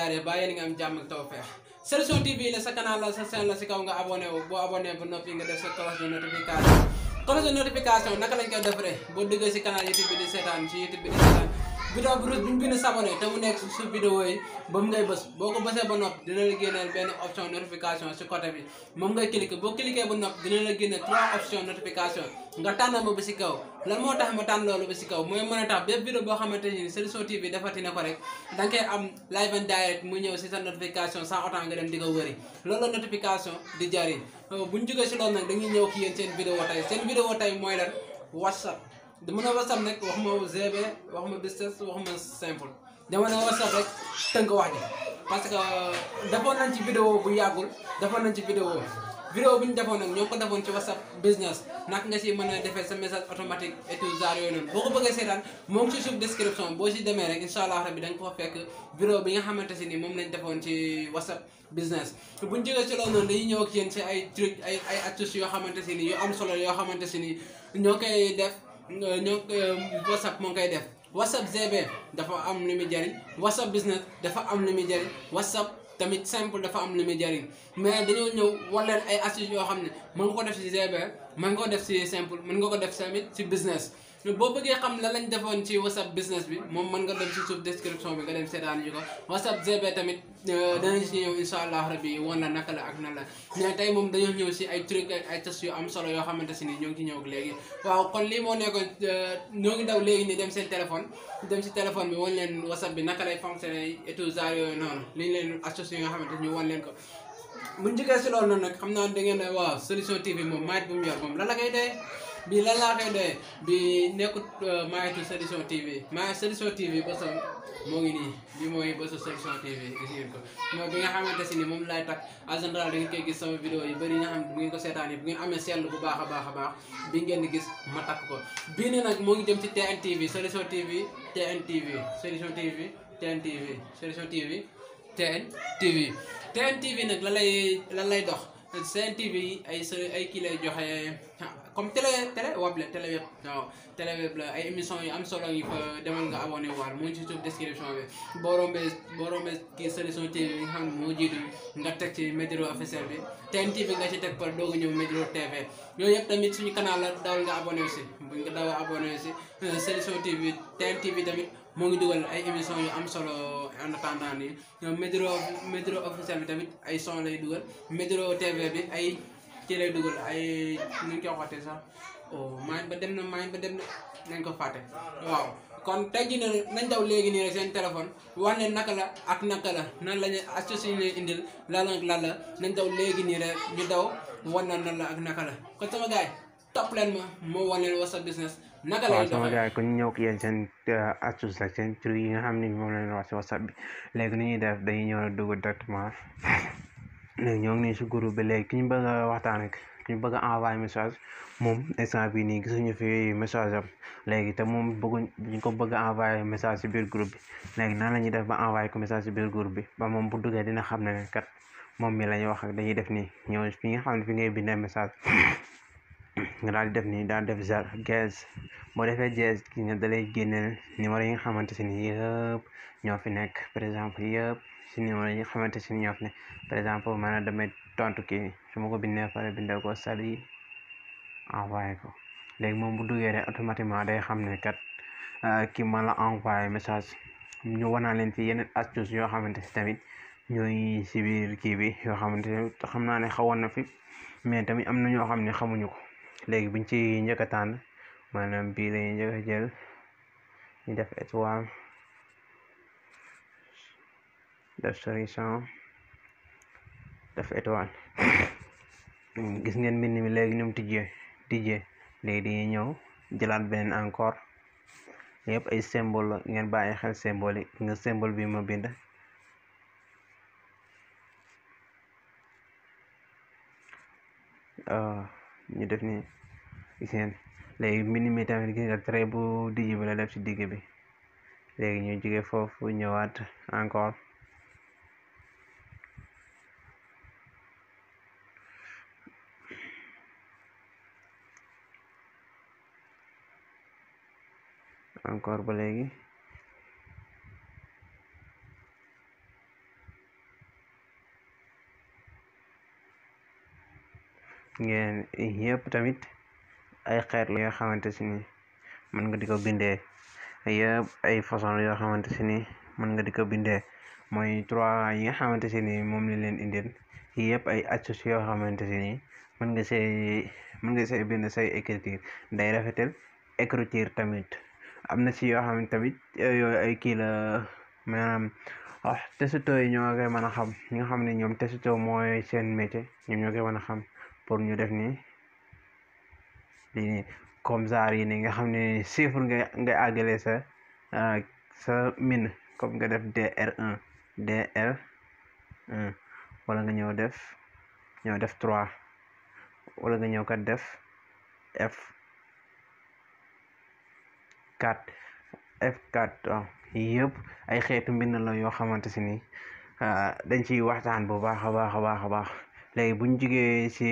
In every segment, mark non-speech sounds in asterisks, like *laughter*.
jaaree ba yéen nga am jàmm ak tawfeex Solution TV la sa canal la sa chaîne la si kaw nga abonné wu boo abonné noppi nga def sa cloche notification cloche notification naka lañ koy defaree boo duggee si canal YouTube bi di seetaan si YouTube bi di seetaan vidéo bu rus bind s'abonné te mu nekk su vidéo yi ba mu ngay bës boo ko bësee ba noppi dina la génneel benn option notification si côté bi moom ngay cliqué boo cliqué ba noppi dina la génne trois option notification nga tànn ba ba si kaw lan moo tax ma tànn loolu ba si kaw mooy mën a tax bépp vidéo boo xamante ni Solution TV defati na ko rek da am live and direct mu ñëw si sa notification sans autant nga dem di ko wëri loolu notification di jariñ bu ñu jógee si loolu nag dama ne whatsapp rek waxuma gb waxuma business waxuma simple dama ne whatsapp rek tënk wax ji parce que euh, defoon nañ ci vidéo bu yàggul defoon nañ ci vidéo vidéo bi ñu defoon nag ñoo ko defoon ci whatsapp business nak nga si mën a defee sa message automatique et tout genre yooyu noonu boo ko bëggee seetaan moo ngi si suuf description boo si demee rek incha allah rabbi da nga ko fekk vidéo bi nga xamante si ni moom lañ defoon ci whatsapp business buñ jógee ci loolu noonu dañuy ñëw ak yéen si ay truc ay ay astuces yoo xamante si ni yu am solo yoo xamante si ni ñoo koy def ñoo eh, whatsapp moom koy def whatsapp gb dafa am lu muy jariñ whatsapp business dafa am lu muy jariñ whatsapp tamit simple dafa am lu muy jariñ mais dañoo ñëw war leen ay astuces yoo xam ne mën nga ko def si gb mën nga ko def si simple mën nga ko def tamit si business boo bëggee xam la lañ defoon ci whatsapp business bi moom mën nga dem si suuf bi nga dem seetaan ji ko whatsapp gb tamit euh, danañ si ñëw incha allah rabi woon la naka la ak na la mais tey moom dañoo ñëw si ay truc ak ay test solo yoo xamante si ni ñoo ngi ci ñëw léegi waaw kon lii moo nekkoon euh, ñoo ngi daw léegi ni dem seen téléphone dem si téléphone bi wan leen whatsapp bi naka lay fonctionné et tout ça yooyu noonu li ñu leen associé yoo xamante ñu wan leen ko bu ñu jógee si loolu noonu nag xam naa da ngeen ne waaw solution tv moom maayit bu mu yor moom bii lan laa koy doyee bii nekkut euh, Mayatou solution TV Mayatou solution TV bosom moo ngi nii bii mooy bosom solution TV gis ngeen ko mooy bi nga xamante si ni moom laay takk en général da ngeen koy gis sama vidéo yi bëri yi nga xam bu ngeen ko seetaan yi bu ngeen amee seetlu bu baax a baax a baax bi ngeen gis ma takk ko bii nii nag moo ngi jëm ci TNTV solution TV TNTV solution TV TNTV solution TV TNTV TNTV nag la lay lan lay dox TNTV ay ay kii lay joxe ah, comme télé télé web la télé web télé web la ay émission yu am solo yi fa demal nga abonné waar ngi ci suuf description bi boo rombee boo rombee kii solution TV nga xam ne moo jiitu nga teg ci météo officiel bi nga ci teg par doog a ñëw météo TV yooyu yëpp tamit suñu canal la dawal nga abonné aussi bu nga dawal abonné aussi solution TV TNT bi tamit moo ngi dugal ay émission yu am solo en attendant nii météo météo officiel bi tamit ay son lay dugal météo TV bi ay ci ay nuñ oh, dem na maañ ba ko fàtte waaw kon tey léegi nii rek seen téléphone wax ne naka la ak la nan la la nañ daw léegi nii rek ñu daw wan na nan la ak naka la kon sama gars yi topp leen ma moo wan leen business naka la yi kon euh, nga xam ne moom la leen wax léegi ni ñuy def dañuy ñëw dugg directement *laughs* léegi ñoo ngi nii si groupe bi léegi ki ñu bëgg a waxtaan ak ki ñu bëgg a envoyé message moom instant bii nii gisuñu fi message am léegi te moom bëgguñ ñu ko bëgg a message si biir groupe léegi nan la ñuy def ba envoyé ko message si biir groupe bi ba moom bu duggee dina xam ne kat moom mi la ñuy wax ak dañuy def nii ñëw fi nga xam ne fi ngay bindee message *coughs* nga daal di def nii daal def jar gaz boo defee gaz ki nga dalay génneel numéro yi nga xamante si ni yëpp ñoo fi nekk par exemple yëpp si numéro yi nga xamante si ñoo fi ne par exemple maanaam damay tontu kii su ko bindee pare bindee ko sali envoyé ko léegi moom bu duggee rek automatiquement day xam ne kat euh, kii ma la envoyé message ñu wanaa leen ci yeneen astuce yoo xamante si tamit ñooy si biir kii bi yoo xamante ne xam naa ne xawoon na fi mais tamit am na ñoo xam ne xamuñu ko léegi buñ ci njëkk a tànn maanaam bii lañuy njëkk a jël ñu def solution def étoile *coughs* gis ngeen mbind mi léegi ñu mu tijjee léegi dañuy ñëw jëlaat benn encore yëpp ay symbole ngeen bàyyi xel symbole yi nga symbole bi ma bind ah, ñu def ni gis ngeen léegi mbind mi tamit gis nga trait bu dijj bi la def ci digg bi léegi ñu jóge foofu ñëwaat encore encore ba léegi ngeen yëpp tamit ay xeet la yoo xamante si ni mën nga di ko bindee yëpp ay façon la yoo xamante si ni mën nga di ko bindee mooy trois yi nga xamante si ni moom la leen indil yëpp ay astuce yoo xamante si ni mën nga see mën nga see bind say écriture day rafetal écriture tamit am na ci yoo xam ne tamit yooyu ay kii la maanaam wax ah, tesito yi ñoo koy a xam ñi nga xam ne ñoom tesito mooy seen métier ñoom ñoo koy mën a xam pour ñu def nii lii nii genre yi nii nga xam ne chiffre nga nga àggale sa ah, sa min comme nga def dr wala nga ñëw def ñëw def 3 wala nga ñëw kat def F4 F4 yëpp ay xeetu mbind la yoo xamante si ni ah, dañ ciy waxtaan bu baax a baax a baax a baax léegi buñ jugee si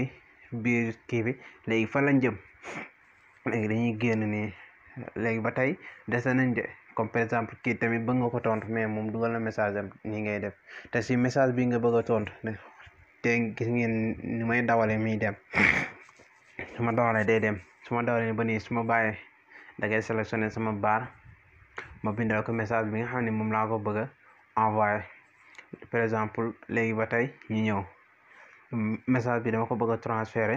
biir kii bi léegi fa lañ jëm léegi dañuy génn nii léegi ba tey dese nañ de comme par exemple kii tamit bëgg nga ko tont mais moom dugal na message am nii ngay def te si message bi nga bëgg a tontu te gis ngeen ni may dawale miy dem *coughs* su dawalee day dem su ma dawalee ba nii su ma dangay sélectionné sama baar ma bindal ko message bi nga xam ne moom laa ko bëgg a envoyé par exemple léegi ba tey ñu ñëw message bi dama ko bëgg a transféré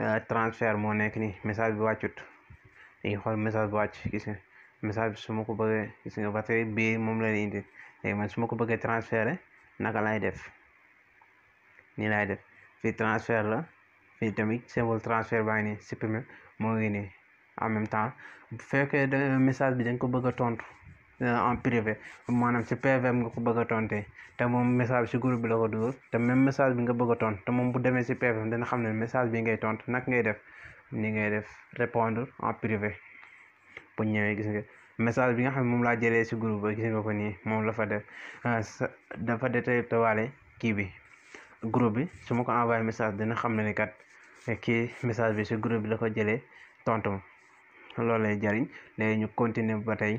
euh, transfert moo nekk nii message bi wàccut dañuy xool message bi wàcc gis nga bi su ko bëggee gis ba tey bii moom la indi léegi man su ma ko bëggee transféré naka lay def nii lay def fii transfert la fii tamit symbole transfert baa ngi nii supprimer moo ngi nii en même temps bu fekkee message bi dañ ko bëgg a tontu euh, en privé maanaam si PVM nga ko bëgg a tontee te moom message bi si groupe la ko te même message bi nga bëgg a tontu te moom bu demee si PVM dina xam ne message bi ngay tontu nag ngay def ni ngay def répondre en privé bu ñëwee gis nga message bi nga xam moom laa jëlee si group ba gis nii moom la fa def euh, dafa détecté waale kii bi groupe bi su ma ko envoyé message dana xam ne ni kat kii message bi si groupe bi la ko jëlee tontu ma loolu lay jariñ léegi ñu continuer ba tey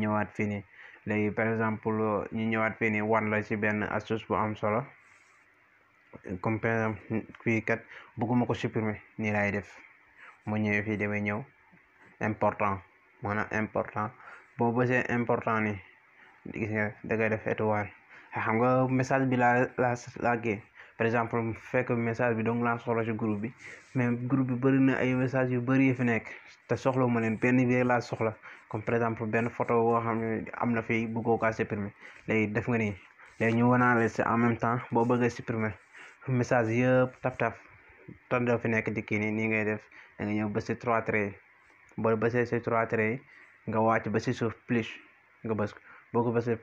ñëwaat fii nii léegi par exemple ñu ñëwaat fii nii wan la ci benn astuce bu am solo comme par exemple fii kat bëgguma ko supprimer nii laay def mu ñëwee fii damay ñëw important maanaam important boo bësee important ni gis nga da ngay def étoile xam nga message bi la laa laa par exemple fekk message bi donc laa soxla ci groupe bi mais groupe bi bëri na ay message yu bëri yu fi nekk te soxla ma leen benn bi laa soxla comme par exemple benn photo boo xam ne am na fi bëggoo kaa supprimer léegi def nga nii léegi ñu wanaale si en même temps boo bëggee supprimer message yëpp taf taf te fi nekk di kii nii ngay def da nga ñëw ba si trois traits yi trois traits yi nga wàcc ba si suuf plus nga bës boo ko bësee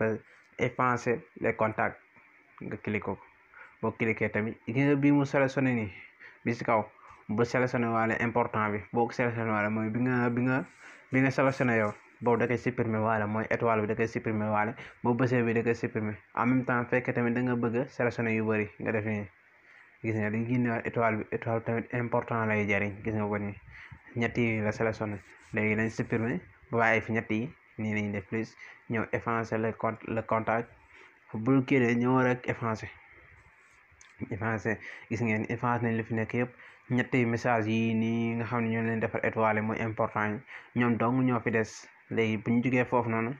effacer les contacts nga cliquer ko boo cliqué tamit gis nga bii mu sélectionné nii bi si kaw bu sélectionné waale important bi boo ko sélectionné waale mooy bi nga bi nga bi nga sélectionné yow boobu da koy supprimer waale mooy étoile bi da koy supprimer waale boo bësee bi da koy en même temps fekkee tamit da nga bëgg a yu bëri nga def nii gis nga dañ génnewaat étoile bi étoile tamit important lay jariñ gis nga ko nii ñett yi la sélectionné léegi dañ supprimer waaye fi ñett yi nii lañ def plus ñëw effacer le le contact bu kii ñëw effacé gis ngeen effacé nañ li fi nekk yëpp ñetti message yi nii nga xam ne ñoo leen defar étoile mooy important yi ñoom dong ñoo fi des léegi bu ñu jugee foofu noonu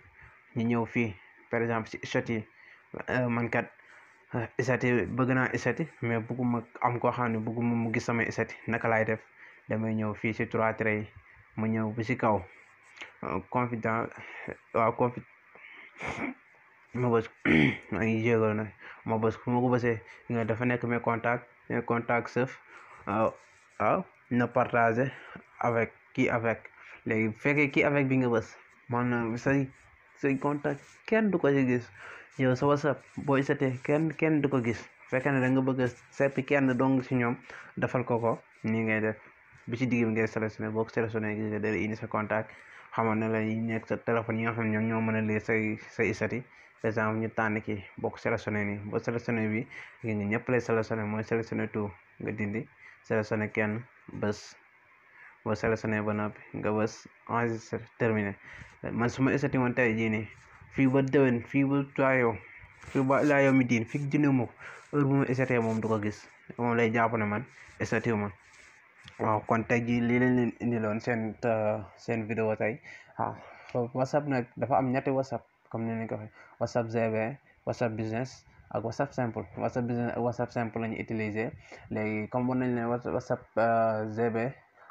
ñu ñëw fii par exemple si chat yi euh, man kat euh, isati bëgg naa isati mais bëgguma am ko xam ne bëgguma mu gis sama isati naka laay def damay ñëw fii si trois traits yi mu ñëw bi si kaw euh, confident waaw confident ma bës maa ngi jégal nag ma bës fu ma ko bësee nga dafa nekk me contacts mes contacts sauf waaw na avec kii avec léegi bu fekkee kii avec bi nga bës maanaam say say contact kenn du ko ci gis yow sa whatsapp booy setee kenn kenn du ko gis fekkee ne da nga bëgg a kenn dong si ñoom defal ko ko nii ngay def bi ci digg bi ngay sélectionné boo ko sélectionné ini nga dara indi sa contact xamal ne la ñuy nekk sa téléphone yi nga xam ne ñoom ñoo mën a lire say say isati par exemple ñu tànn ki bokk sélectionné ni boo sélectionné bi ngi ngi ñëpp lay sélectionné mooy sélectionné tout nga dindi sélectionné kenn bés boo sélectionné ba noppi nga bés enregistré terminé man su ma esati woon tey jii nii fii ba déwén fii ba toyo fii ba laa mi diin fi jënd ma ko heure bu ma moom du ko gis moom lay jàpp ne man esatiwu man waaw kon tey lii leen leen indiloon seen euh, seen vidéo tey whatsapp nag dafa am ñetti whatsapp comme ni ñu ko waxee whatsapp gb whatsapp business ak whatsapp simple whatsapp business ak simple la ñu utiliser léegi comme war nañ leen whatsapp euh, gb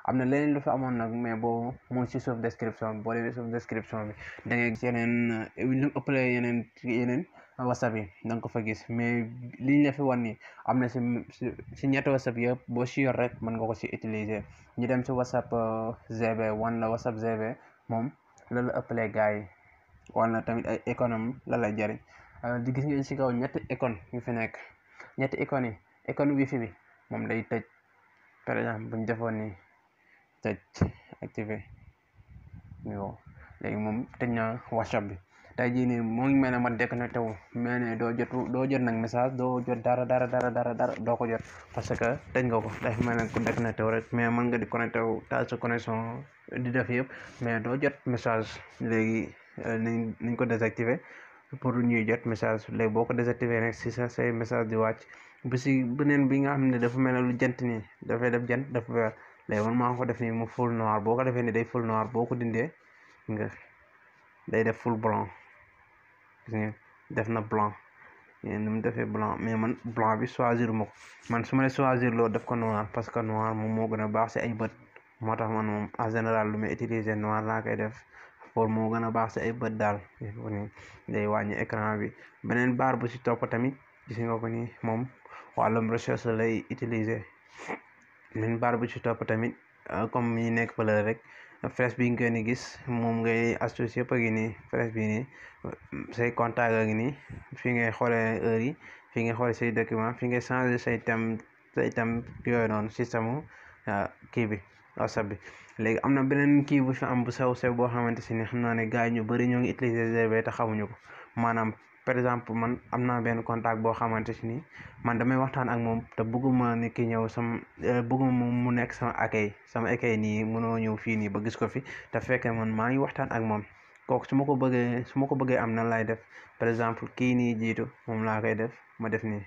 am na leneen lu fi amoon nag mais boo mu ci suuf description bi boo demee suuf description bi da ngay gis yeneen euh, lu yeneen yeneen whatsapp yi da nga ko fa gis mais lii ñu la fi wan nii am na si si ñetti whatsapp yëpp boo si yor rek mën nga ko si utiliser ñu dem si whatsapp euh, gb wan la whatsapp gb moom loolu ëppale gars yi wala tamit ay économes la lay jariñ euh, di gis ngeen ci kaw ñetti école yu fi nekk ñetti école yi école wifi bi moom day tëj par exemple bu ñu defoon ni tëj activé yow léegi moom tëj na whatsapp bi tey jii nii moo ngi mel ne ma déconnecté wu mais ne doo jot doo jot nag message doo jot dara dara dara dara dara doo ko jot parce que tëj nga ko day mel ne ku déconnecté wu rek mais mën nga di connecté wu taal sa connexion di def yëpp mais doo jot message léegi Eh, nañ nañ ko désactiver pour ñuy jot message léegi boo ko désactiver nag si sa say message di wàcc bi si beneen bi nga xam ne dafa mel ne lu jant ni dafay def jant dafa weer léegi man maa ko def nii mu full noir boo ko defee nii day ful noir boo ko dindee nga day def full blanc def na blanc yéen mu defee blanc mais man blanc bi choisir ma ko man su ma nee choisir loolu def ko noir parce que noir moom moo gën a baax si ay bët moo tax man moom en général lu may utiliser noir laa koy def. for moo gën a baax si ay bët daal day wàññi écran bi beneen baar bu si topp tamit gis nga ni moom wàllum recherche lay utiliser beneen baar bu si topp tamit euh, comme yi nekk fële rek flèche bi nga ni gis moom ngay associé a ngi nii flèche bi nii say contact a ngi ni fi ngay xoolee heure yi fi nga xoole say document fi nga changé say thème say thème yooyu noonu système euh, kii whatsapp léegi am na beneen kii bu fi am sew sew boo xamante si ni xam naa ne gars yi ñu bëri ñoo ngi utiliser gb te xamuñu ko maanaam par exemple man am na benn contact boo xamante si ni man damay waxtaan ak moom te bëgguma ni ki ñëw sama eh, bëgguma mu nekk sama accueil sama accueil nii mënoo ñëw fii nii ba gis ko fi te fekkee man maa ngi waxtaan ak moom kooku su ma ko bëggee su ma ko bëggee am nan laay def par exemple kii nii jiitu moom laa koy def ma def nii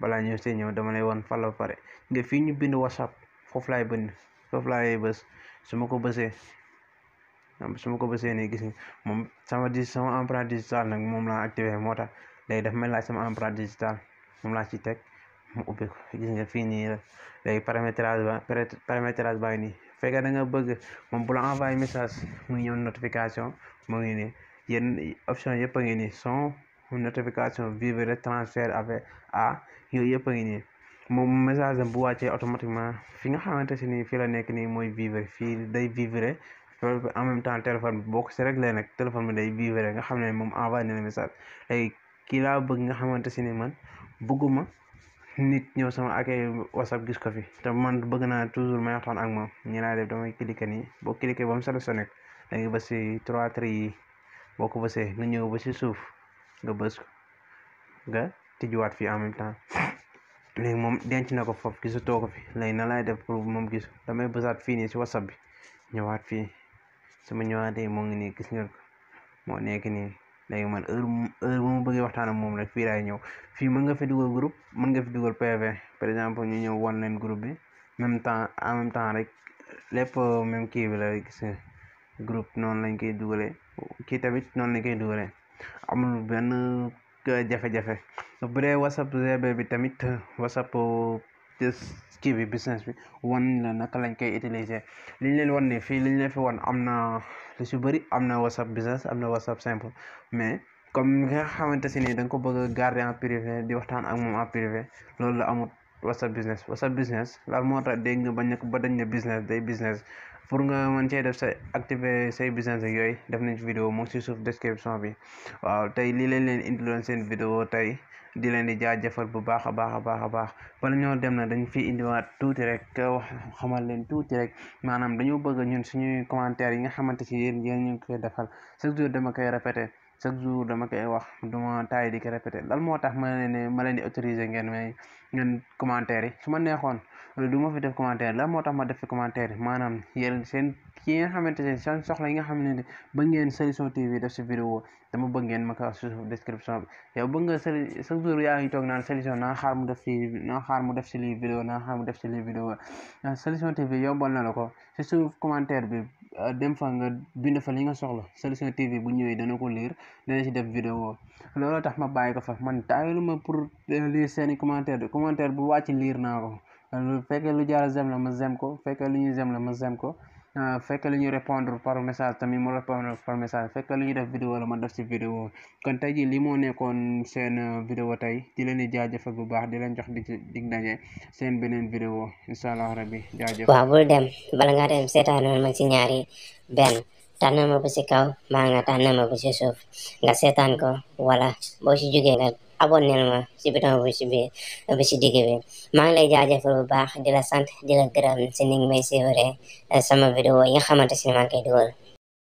balaa ñëw see ñëw dama lay woon fan pare nga fii ñu bind whatsapp foofu laay bind foofu laay bës su ma ko bësee su ma ko bësee nii gis nga moom sama di sama empreinte digitale nag moom laa activé moo tax léegi daf may laaj sama empreinte digitale moom laa ci teg mu ubbi ko gis nga fii nii la léegi paramétrage ba paramétrage baa ni nii fekkee da nga bëgg moom bu envoyé message mu ngi ñëw notification mu ngi nii option yëpp a ngi nii son notification vivre transfert avec à yooyu yëpp a ngi nii moom message am bu wàccee automatiquement fi nga xamante si ni fii la nekk nii mooy vivre fii day vivre en même temps téléphone bi boo ko si réglé nag téléphone day vivre nga xam ne moom envoyé na message kii laa bëgg nga xamante si ni man bëgguma nit ñëw sama ak whatsapp gis ko fi te man bëgg naa toujours may waxtaan ak moom ñu naa def damay cliquer nii boo cliquer ba mu sélectionné da nga bës si trois traits yi boo ko bësee nga ñëw ba si suuf nga bës ko nga tijjiwaat fii en même temps léegi moom denc na ko foofu gisatoo ko fi léegi na laay def pour moom gis damay bësaat fii nii si whatsapp bi ñëwaat fii su ma ñëwaatee moom ngi nii gis ngeen ko moo nekk nii léegi man heure heure bu bëggee waxtaan ak moom rek fii laay ñëw fii mën nga fi dugal groupe mën nga fi dugal PV par exemple ñu ñëw wan leen groupe bi même temps en temps rek lépp euh, même kii bi la rek groupe noonu lañ koy dugalee kii tamit noonu lañ koy dugalee amul benn jafe-jafe bu dee whatsapp gb bi tamit whatsapp kii bi business bi wan la naka lañ koy utiliser liñ leen wan ne fii liñ leen fi wan am na lu si bëri am na whatsapp business am na whatsapp simple mais comme nga xamante si ni da ko bëgg a garder en privé di waxtaan ak moom en privé loolu la amut whatsapp business whatsapp business la moo tax dégg nga bañ ne ba dañ ne business day business pour nga mën cee def sa activer say business ak yooyu def nañ ci vidéo mu ngi si suuf description bi waaw tey lii lañ leen indiloon seen vidéo tey di leen di jafal bu baax a baax a baax a baax bala ñoo dem na dañ fi indiwaat tuuti rek wax xamal leen tuuti rek maanaam dañoo bëgg ñun suñuy commentaire yi nga xamante ci yéen yéen ñu ngi koy defal chaque jour dama koy répété chaque jour dama koy wax duma taay di répété lan moo tax ma leen ne ma leen autorisé ngeen commentaire su ma neexoon du ma fi def commentaire lan moo tax ma def fi commentaire yi maanaam yéen seen ne seen soxla yi nga xam ne bëgg ngeen solution TV def si vidéo dama bëgg ma ko suuf description bi yow bëgg nga soli chaque jour yaa ngi toog naan solution naa xaar mu mu def si lii vidéo naa xaar mu def si lii vidéo solution TV yombal na la ko si suuf commentaire bi Euh, dem fa nga bind fa li nga soxla solution TV bu ñëwee dana ko liir dana ci def vidéo looloo tax ma bàyyi ko fa man taayaluma pour euh, liir seeni commentaire de commentaire bu wàcc liir naa ko euh, fekkee lu jaar zem ma zem ko fekkee lu ñuy zem la ma zem ko Ah, fekk lu ñu répondre par message tamit mu répondre par message fekk lu def vidéo la ma def ci vidéo kon tey li moo nekkoon seen ah, vidéo tey di leen di jaajëfal bu baax di leen jox di dig daje seen beneen vidéo incha allah rabbi jaajëf waaw bul dem bala ngaa dem seetaanoon ma ci ñaari benn tànn ma ci kaw maa nga tànn ma ci suuf nga seetaan ko wala boo ci jógee abonné leen ma si bouton bu si biir bu si digg bi maa ngi lay jaajëfal bu baax di la sant di la gërëm si ni nga may suivre eh, sama vidéo yi nga xamante si ne maa ngi